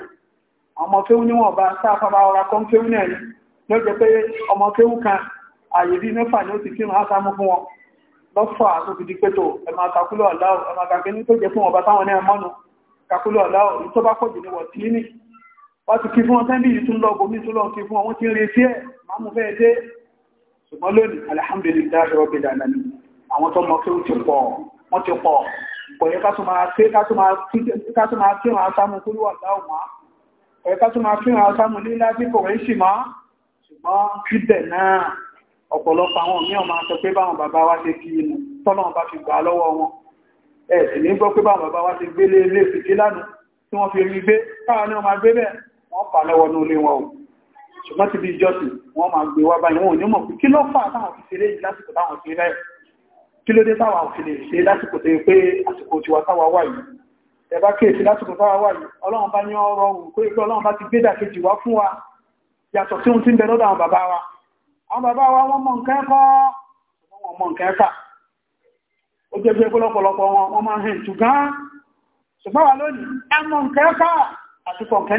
ọmọ kéwú níwọ̀n bá sáfà bá ọra kan kéwú náà ni ló jẹ́ pé ọmọ kéwú kan àyè bí mẹ́fà ni ó ti kírun ásámú fún wọn lọ́fà tó fi di pétò ẹ̀mà kakúlọ̀ ọ̀láwọ̀ ẹ̀mà kàkẹ́ ní tó jẹ́ fún ọba táwọn náà mọ́nu kakúlọ̀ ọ̀láwọ̀ ìtọ́bá pọ̀jù ní wọ̀ tí wọ́n ti kí fún wọn sẹ́ndì yìí tún lọ́gbọ̀ mí tún lọ kí fún wọn tí ń rí sí ẹ̀ máa mú fẹ́ dé ṣùgbọ́n lónìí alhamdulillahi rabbil alamin àwọn tó mọ̀ pé ó ti pọ̀ wọ́n ti pọ̀ pẹ̀lú ká tún máa fi hàn sáàmù kúrú wà láwùn má pẹ̀lú ká tún máa fi hàn sáàmù ní láti kò rẹ̀ sì má ṣùgbọ́n síbẹ̀ náà ọ̀pọ̀lọpọ̀ àwọn mìíràn máa sọ pé báwọn bàbá wa ṣe fi inú tọ́lọ́ bá fi gbà lọ́wọ́ wọn ẹ̀ sì ní gbọ́ pé báwọn bàbá wa ṣe gbélé ilé ìfìdí lánàá tí wọ́n fi rí gbé káwọn ní ọmọ gbé bẹ́ẹ̀ wọ́n fà lọ́wọ́ ní olé wọn o ṣùgbọ́n ti bí ìjọsìn wọ́n máa gbé wá báyìí wọn ò ní mọ̀ pé kí ló fà táwọn fi ṣeré yìí lásìkò táwọn fi rẹ̀ kí ló dé táwọn fi lè ṣe lásìkò tó yẹ pé àsìkò tiwa táwa wà yìí ẹ̀bá kéèsì lásìkò táwa wà yìí ọlọ́run bá ní ọrọ̀ òun pé pé ọlọ́run bá ti gbé dàkejì wá fún wa yàtọ̀ sí ohun tí ń bẹ lọ́dọ̀ àwọn bàbá wa àwọn bàbá wa wọ́n mọ̀ nǹkan ẹ̀kọ́ wọ́n mọ̀ nǹkan ẹ̀kà ó jẹ́ pé pọ́lọ́pọ̀lọpọ̀ wọn wọ́n máa ń ṣùgbọ́n ṣùgbọ́n wà lónìí ẹmọ nǹkan ẹ̀kà àti kọ̀ọ̀kẹ́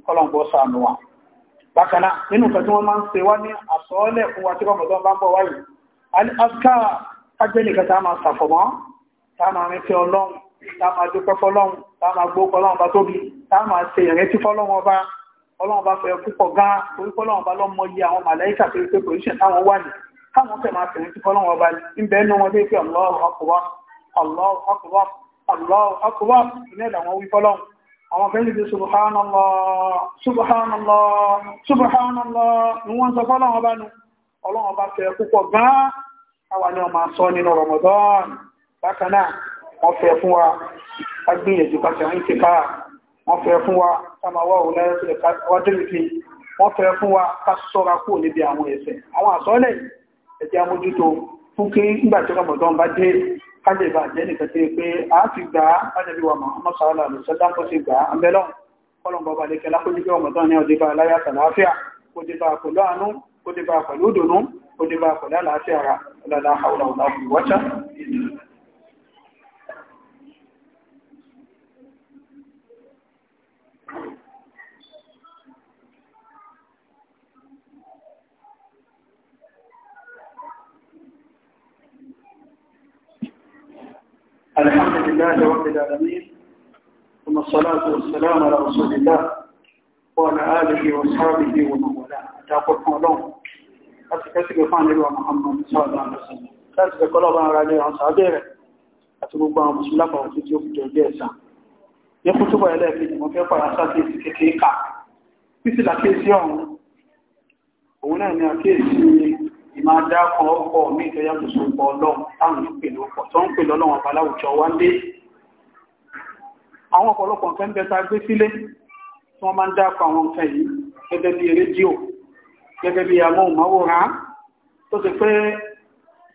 kọ́lọ̀ǹgbọ́ sànù wa bákan náà nínú nǹkan tí wọ́n máa ń ṣe wá ní àsọ́ọ́lẹ̀ fún wa tí Ramadan bá ń bọ̀ wáyé aska kájẹ́lì a máa ṣàfọ̀mọ́ tá a máa rin fi ọlọ́run tá a máa dúpẹ́ fọlọ́run a máa a máa ṣe ìrètí fọlọ́run ọba ọlọ́run bá fẹ́ púpọ̀ gan torí fọlọ́run bá lọ́mọ yí àwọn màláìkà tó pé pòlíṣẹ̀ táwọn wà ní káwọn fẹ́ máa fẹ̀rẹ̀ tí fọlọ́run ọba ń bẹ́ẹ̀ nú wọn dé pé Allahu akbar Allahu akbar Allahu akbar ìnẹ́lẹ̀ àwọn wí àwọn kẹ́lì bí subhanallah subhanallah subhanallah ni wọ́n sọ fọ́lọ́wọ́ bá ní ọlọ́wọ́ bá fẹ́ púpọ̀ gan àwa ni ọmọ Ramadan bákan náà wọ́n fẹ́ fún wa agbíyànjú pàṣẹ ń ti káà wọ́n fẹ́ fún wa samawa ọ̀lẹ́rẹ́sẹ̀ wọ́n fẹ́ fún wa ká sọ́ra kúrò níbi àwọn ẹ̀ṣẹ̀ àwọn àsọ́lẹ̀ ẹ̀jẹ̀ amójútó fún kí nígbàtí Ramadan bá dé kájẹ̀ ìbá jẹ́ nìkan tí pé a ti gbà á kájẹ̀ bí wà Muhammad sallallahu alaihi wasallam tó ti gbà á abẹ́lọ́ kọlọ̀n bọba lè kẹlá kó jígbé ọmọ tán ní ọdíbà aláyà tàlàáfíà kó pẹ̀lú àánú kó pẹ̀lú ìdùnnú kó pẹ̀lú àlàáfíà rà ọ̀dàdà àwọn ọ̀dà الحمد لله رب العالمين ثم الصلاة والسلام على رسول الله وعلى آله وأصحابه ومن والاه أتاقكم لهم أتكتب فان إلوى محمد صلى الله عليه وسلم láti ẹ̀kọ́ lọ́bàá ara lé àwọn sàádé rẹ̀ àti gbogbo àwọn mùsùlùmí àti tí ó fi jọ ẹgbẹ́ ẹ̀sà ní kú túbọ̀ ẹlẹ́ẹ̀kejì mọ́ fẹ́ pàrà sáfíìsì kékeré kà títí làkíyèsí ọ̀hún òun náà ni àkíyèsí máa dákọ̀ ọkọ̀ mí ìtọ́já tó so pọ̀ ọlọ́run táwọn ń pè lọ́pọ̀ tó ń pè lọ́lọ́run ọba láwùjọ wá ń dé àwọn ọ̀pọ̀lọpọ̀ nǹkan ń bẹ tá a gbé sílé tí wọ́n máa ń dákọ̀ àwọn nǹkan yìí gẹ́gẹ́ bí rédíò gẹ́gẹ́ bí amóhùnmáwòrán tó ti pé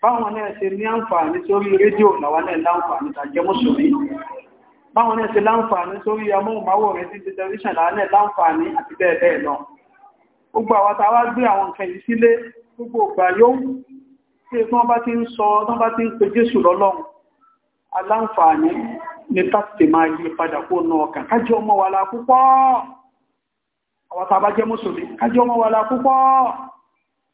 báwọn náà ṣe ní àǹfààní sórí rédíò làwọn náà láǹfààní tàjẹ́ mùsùlùmí báwọn náà ṣe láǹfààní sórí amóhùnmáwòrán sí tẹlifíṣàn làwọn náà láǹfààní àti bẹ́ẹ̀ bẹ́ẹ̀ lọ gbogbo àwọn tàwà gbé àwọn nǹkan yìí sílé gbogbo ìgbà yóò tí wọ́n bá ti ń sọ wọ́n bá ti ń pe Jésù lọ́lọ́run aláǹfààní ni tàbí máa yí padà kó náà ọkàn kájí ọmọ wà lá púpọ̀ àwọn tàbá jẹ́ mùsùlùmí kájí ọmọ wà lá púpọ̀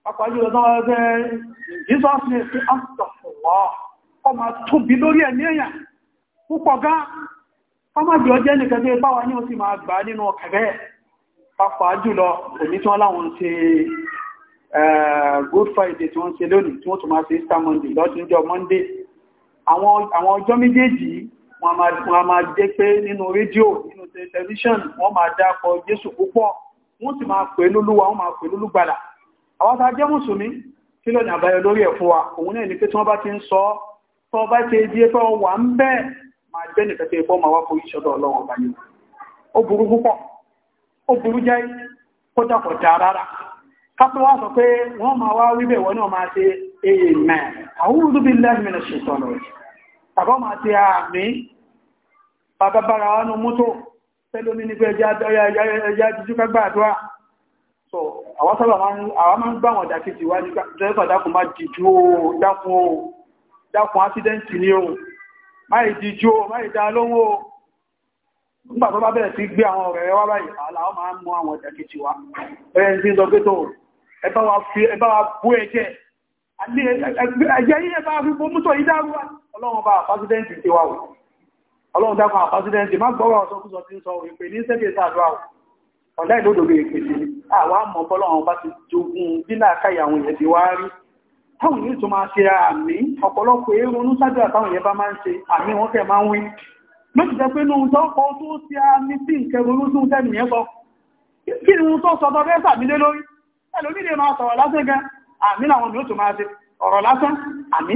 pàpàá jùlọ náà ẹgbẹ́ pàápàá jùlọ òní tí wọ́n láwọn ṣe good friday tí wọ́n ṣe lónìí tí wọ́n tó máa ṣe easter monday lọ́túnjọ́ monday àwọn ọjọ́ méjèèjì wọ́n máa jẹ́ pé nínú rédíò nínú tẹlifíṣàn wọ́n máa dápọ̀ jésù púpọ̀ wọ́n sì máa pè lólúwa wọ́n máa pè lólúgbàlà àwọn tá a jẹ́ mùsùlùmí kí lọ́nà àbáyọ lórí ẹ̀ fún wa òun náà ni pé tí wọ́n bá ti ń sọ tó bá ti di pé wà ń bẹ́ẹ̀ máa jẹ́ nìkan tí ẹ̀fọ́ máa wá forí ṣọ́dọ̀ ọlọ́run ọba yìí ó burú púpọ̀ ó burú jẹ́ kódàkọ̀dà rárá kápẹ́ wá sọ pé wọ́n máa wá wíbẹ̀ wọ́n náà máa ṣe amen a'udhu billahi minash shaitani rajim tàbá máa ṣe àmì bàbá bára wọn nú mútó tẹ́lómi ní pé ẹjá jíjú ká gbàdúrà so àwọn sábà máa ń gbà wọn dàkejì wá ní dẹ́rẹ́fà dákun má dìjú o dákun o dákun ásídẹ́ǹtì ni o má ìdíjú o má ìdá lóhùn o nígbà tó bá bẹ̀rẹ̀ sí gbé àwọn ọ̀rẹ́ wá báyìí aláwọ̀ máa ń mú àwọn ìdàkejì wa ẹ̀rẹ́ tí ń sọ pé tó ẹbá wa bú ẹ̀jẹ̀ ẹ̀jẹ̀ yíyẹ bá fi bó mútọ̀ yí dárú wa ọlọ́run bá pásídẹ́ǹtì ti wa ọlọ́run dákun pásídẹ́ǹtì má gbọ́rọ̀ ọ̀sọ́kúsọ ti ń sọ ìpè ní sẹ́kẹ̀ sáàdúrà ọ̀lá ìlódòdó ìpè sí àwọn àmọ́ bọ́lọ́run bá ti jogun dínà káyà àwọn èèyàn ti wá rí táwọn yìí tó máa ṣe àmì ọ̀pọ̀lọpọ̀ èrò onúsájú àtàwọn èèyàn bá máa ń ṣe àmì wọn fẹ́ máa ń wí ló ti jẹ́ pé ní ohun tó ń kọ tó ti a ní sí ìkẹrù ní tún tẹ́nì yẹn sọ kí ni ohun tó sọ tọ́bẹ́ sàmílé lórí ẹlòmí lè máa sọ̀rọ̀ lásán gan àmì làwọn mi ó tún máa ṣe ọ̀rọ̀ lásán àmì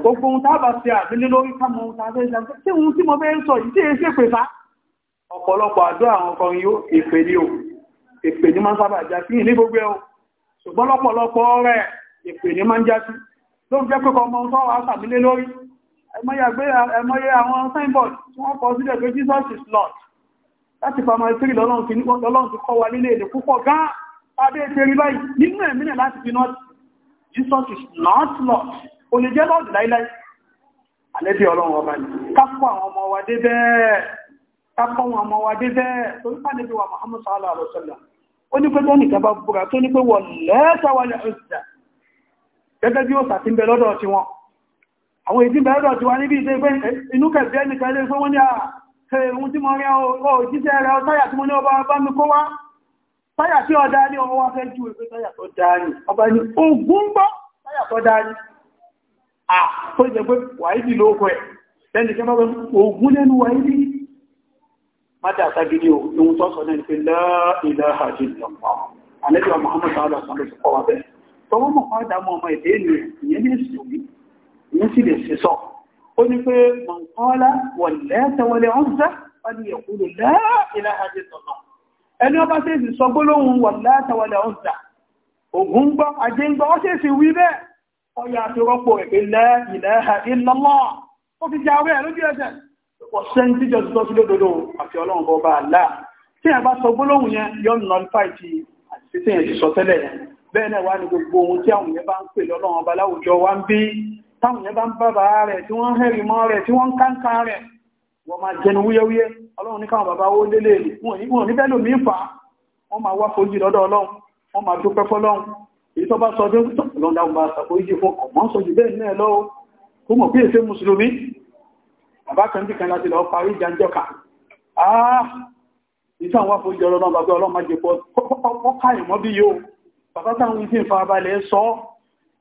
gbogbo ohun tábà ṣe àmìlé lórí kámọ ohun tàbí ìṣàkóso tí ohun tí mo fẹ́ sọ yìí tí èé ṣèpè sá ọ̀pọ̀lọpọ̀ àdó àwọn ọkọrin yóò èpè ní o èpè ní máa ń sábà já sí ní gbogbo lórí ẹmọ́yẹ àwọn signboard tí wọ́n kọ sílẹ̀ pé Jesus is Lord láti pàmà ìsírí lọ́lọ́run ti kọ́ wa nílé èdè púpọ̀ gán adé ìtẹ́rí báyìí nínú ẹ̀mínẹ̀ láti fi not Jesus is not Lord o lè jẹ́ Lord láíláí alẹ́bí ọlọ́run ọba ni kápọ̀ àwọn ọmọ wa dé bẹ́ẹ̀ kápọ̀ àwọn ọmọ Muhammad sallallahu alaihi wasallam ó ní pé tó nìkan bá búra tó ní pé wọ̀ lẹ́ẹ̀ta wa lẹ́ẹ̀ta gẹ́gẹ́ bí ó sàtí ń àwọn èdè bẹ̀rẹ̀ ọ̀tí wà níbi ìṣẹ́ pé eh, inú kẹfẹ́ nìkan ilé fún wọ́n ní ààrẹ ah, ohun tí mọ́ rí ọ jíṣẹ́ rẹ̀ táyà tí mo ní ọba bá mi kó wá táyà tí ọ̀dá ní ọwọ́ wá fẹ́ jù pé táyà tó dáa ní ọba ní ogun gbọ́ táyà tó dáa ní à tó jẹ pé wàídì ló kọ ẹ̀ lẹ́nu kẹ́ máa ogun lẹ́nu wàídì má dà ságidi o ohun tó sọ náà ni pé láìlá àjì ìjọba àlejò Muhammad sallallahu alaihi wa sallam kọ́ wa bẹ́ẹ̀ tọwọ́ ní sì lè ṣe sọ ó ní pé mọ̀nkọ́lá wọ̀lẹ́ tẹwọlẹ́ ọ̀nzá wọ́n yẹ kúrò láàrín àjẹ́ tọ̀nà ẹni ọba sí ìsìn sọ gbólóhùn wọ̀lẹ́ tẹwọlẹ́ ọ̀nzá ògún gbọ́ ajé ń gbọ́ ó sì sì wí bẹ́ẹ̀ ọya àti rọ́pò ẹ̀gbẹ́ sọ tẹ́lẹ̀ bẹ́ẹ̀ náà wá ní gbogbo ohun tí àwọn yẹn bá ń pè lọ́lọ́run ọba láwùjọ wá ń bí táwọn yẹn bá ń bàbá rẹ̀ tí wọ́n hẹ́rì mọ́ rẹ̀ tí wọ́n káńká rẹ̀ wọ́n máa jẹnu wúyẹ́wúyẹ́ ọlọ́run ní káwọn bàbá ó lélẹ̀ wọn ní bẹ́ẹ̀ lómi fà wọ́n máa wá fojú lọ́dọ̀ ọlọ́run wọ́n máa dúpẹ́ fọ́lọ́run èyí tó bá sọ ọdún lọ́dà ọgbà àsàkóyíjì fún ọmọ sọ jù bẹ́ẹ̀ náà lọ́wọ́ kó mọ̀ pé èsè mùsùlùmí bàbá kan bí kan láti lọ parí ìjànjọ́ka ah ìtàn wá fojú ọlọ́run bàbá ọlọ́run máa jẹ́ pọ́ káyìmọ́ bí yóò bàbá táwọn ìsìn farabalẹ̀ sọ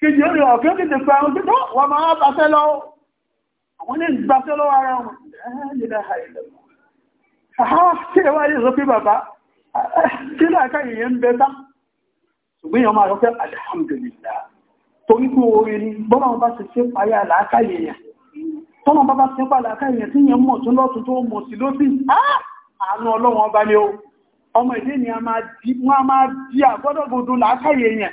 kejì orí ọ̀fẹ́ òkè tẹ̀kọ́ àwọn tó wọ́n máa bàtẹ́ lọ àwọn ní ìgbàtẹ́ lọ́wọ́ ara wọn ẹ̀ẹ́lẹ́dà ha, kí ẹwà yìí sọ pé bàbá kí láàká ìyẹn ń bẹ́ta ṣùgbọ́n máa rọ alhamdulillah torí pé orí ni bọ́nà bá ti ṣe payá láàká ìyẹn tọ́nà bá pa láàká ìyẹn tí yẹn mọ̀ tún lọ́tún tó mọ̀ sí lóbi àánú ọlọ́wọ́n bá ní o ọmọ ìdí ni a máa di àgọ́dọ̀gbọ̀dọ̀ láàká ìyẹn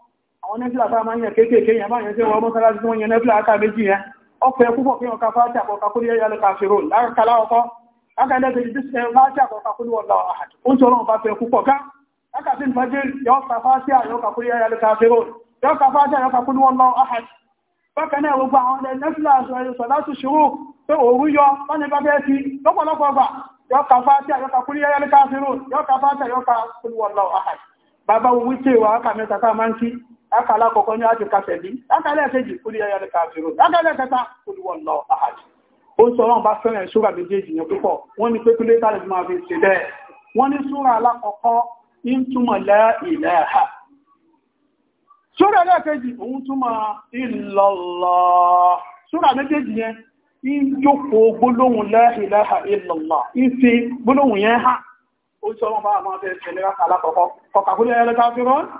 àwọn nẹ́fìlà tá máa ń yàn kéékèèké yẹn máa yàn tí wọ́n mọ́sára tí wọ́n yàn nẹ́fìlà áká méjì yẹn ọpẹ́ púpọ̀ kí ọkà fáti àkọ́kà kó yẹ́ yálẹ́ káfíro lákàlá ọkọ́ lákàlẹ́gbẹ̀ẹ́ ti dísẹ́ fáti àkọ́kà kó lọ́wọ́ láwọ́ àhàdì ó ń tí ọlọ́run bá fẹ́ púpọ̀ ká lákàtí ní fàájì yọ́ọ̀kà fáti àyọ́kà kó yẹ́ yálẹ́ káfíro yọ́ọ̀kà fáti àyọ́kà kó lọ́wọ́ láwọ́ àhàdì bákan náà gbogbo àwọn ilẹ̀ nẹ́fìlà sọ láti ṣòro pé òru yọ wọ́n ni bá fẹ́ ti lọ́pọ̀lọpọ̀ ọgbà yọ́ọ̀kà fáti àyọ́kà kó yẹ́ yálẹ́ káfíro yọ́ọ̀kà fáti àyọ́kà kó lọ́wọ́ láwọ́ àhàdì bàbá lákàlá kọ̀kọ́ ní láti kàfẹ̀ bí lákàlẹ̀ kejì kúrò yẹyẹ ní kàfẹ̀rò lákàlẹ̀ kẹta kúrò wọn lọ àhàjì ó sọ wọn bá fẹ́rẹ̀ ṣúra méjèèjì yẹn púpọ̀ wọ́n ní pé kílé tàbí máa fi ṣe bẹ́ẹ̀ wọ́n ní ṣúra alákọ̀ọ́kọ́ ń túmọ̀ lẹ́ ilẹ̀ ha ṣúra ẹlẹ́ẹ̀kejì òun túmọ̀ ìlọ̀lọ̀ ṣúra méjèèjì yẹn ń jókòó gbólóhùn lẹ́ ilẹ̀ ha ìlọ̀lọ̀ ń fi gbólóhùn yẹn ha ó sọ wọn bá máa fi ṣe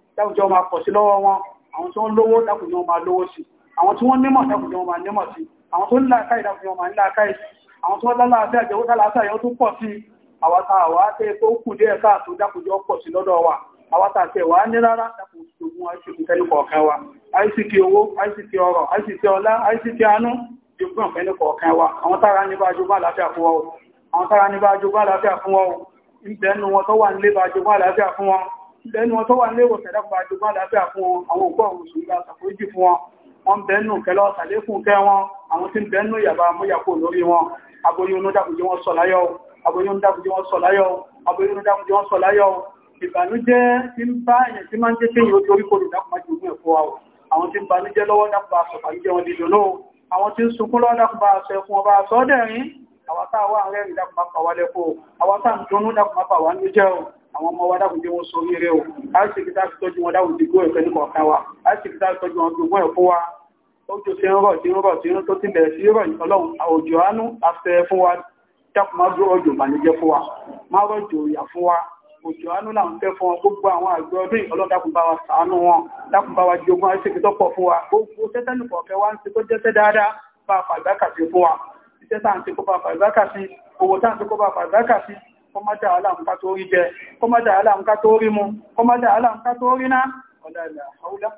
dákùnjọ́ máa pọ̀ sí lọ́wọ́ wọn àwọn tí wọ́n lówó dákùnjọ́ máa lówó sí àwọn tí wọ́n nímọ̀ dákùnjọ́ máa nímọ̀ sí àwọn tó ń láàkáì dákùnjọ́ máa ń láàkáì sí àwọn tí wọ́n lálàáfẹ́ àjẹwó tálàáfẹ́ àyọ́ tó pọ̀ sí àwátà àwátẹ́ tó kù díẹ̀ káàtó dákùnjọ́ pọ̀ sí lọ́dọ̀ wa àwátà àti ẹ̀wà ní rárá dákùnjọ́ ogun àìsìkì tẹ́lẹ̀kọ̀ọ̀kan wa àìsìkì owó àìsìkì ọrọ̀ àìsìkì ọlá àìsìkì àánú ìgbọ̀n fẹ́lẹ̀kọ̀ọ̀kan wa àwọn tára ní bá jogún àlàáfíà fún wa o àwọn tára ní bá jogún àlàáfíà fún wa o ìbẹ̀ẹ́nu wọn tó wà nílé bá jogún àlàáfíà fún wọn lẹ́nu wọn wà nílé ìwòsàn ẹ̀dàkùnbà àjọgbọ́n àdáfíà fún àwọn òkú àwọn òṣèlú àṣàkójì fún wọn wọn bẹ̀ẹ́nù kẹlọ́ ṣàlékún kẹ́ wọn àwọn tí ń bẹ̀ẹ́nù ìyàbá múyàkó lórí wọn aboyún wọn sọ láyọ̀ aboyún dákùnjẹ́ àwọn tí ń banújẹ́ àwọn tí ń sunkún lọ́wọ́ àwọn ọmọ wa dákun jẹ́ wọ́n sọ ní rẹ̀ o láìsìkí tá fi tọ́jú wọn dákun ti gbó ẹ̀fẹ́ nípa ọ̀ká wa láìsìkí tá fi tọ́jú wọn gbogbo ẹ̀ fún wa ojú ti ń rọ̀ tí ń rọ̀ tí ń tó ti bẹ̀rẹ̀ sí rọ̀ ọlọ́run òjò àánú afẹ́ fún wa dákun má gbọ́ ọjọ́ ìbànújẹ́ fún wa má rọ̀jò ìyà fún wa òjò àánú là fẹ́ fún wọn gbogbo àwọn àgbẹ̀ ọdún ọlọ́run dákun bá wa ṣàánú wọn dákun bá wa jogún àìsèkì pọ̀ fún wa gbogbo tẹ́tẹ́ nìkọ̀ọ̀kẹ́ wa ń ṣe tó jẹ́sẹ́ dáadáa bá a fàgbákà sí fún wa iṣẹ́ tá à ń ṣe kó bá a fàgbákà sí owó tá à ń ṣe kó bá a fàgbákà kọmọ́dà aláǹká tó rí jẹ kọmọ́dà aláǹká tó rí mu kọmọ́dà aláǹká tó rí ná ọ̀lá ìlà àwúlá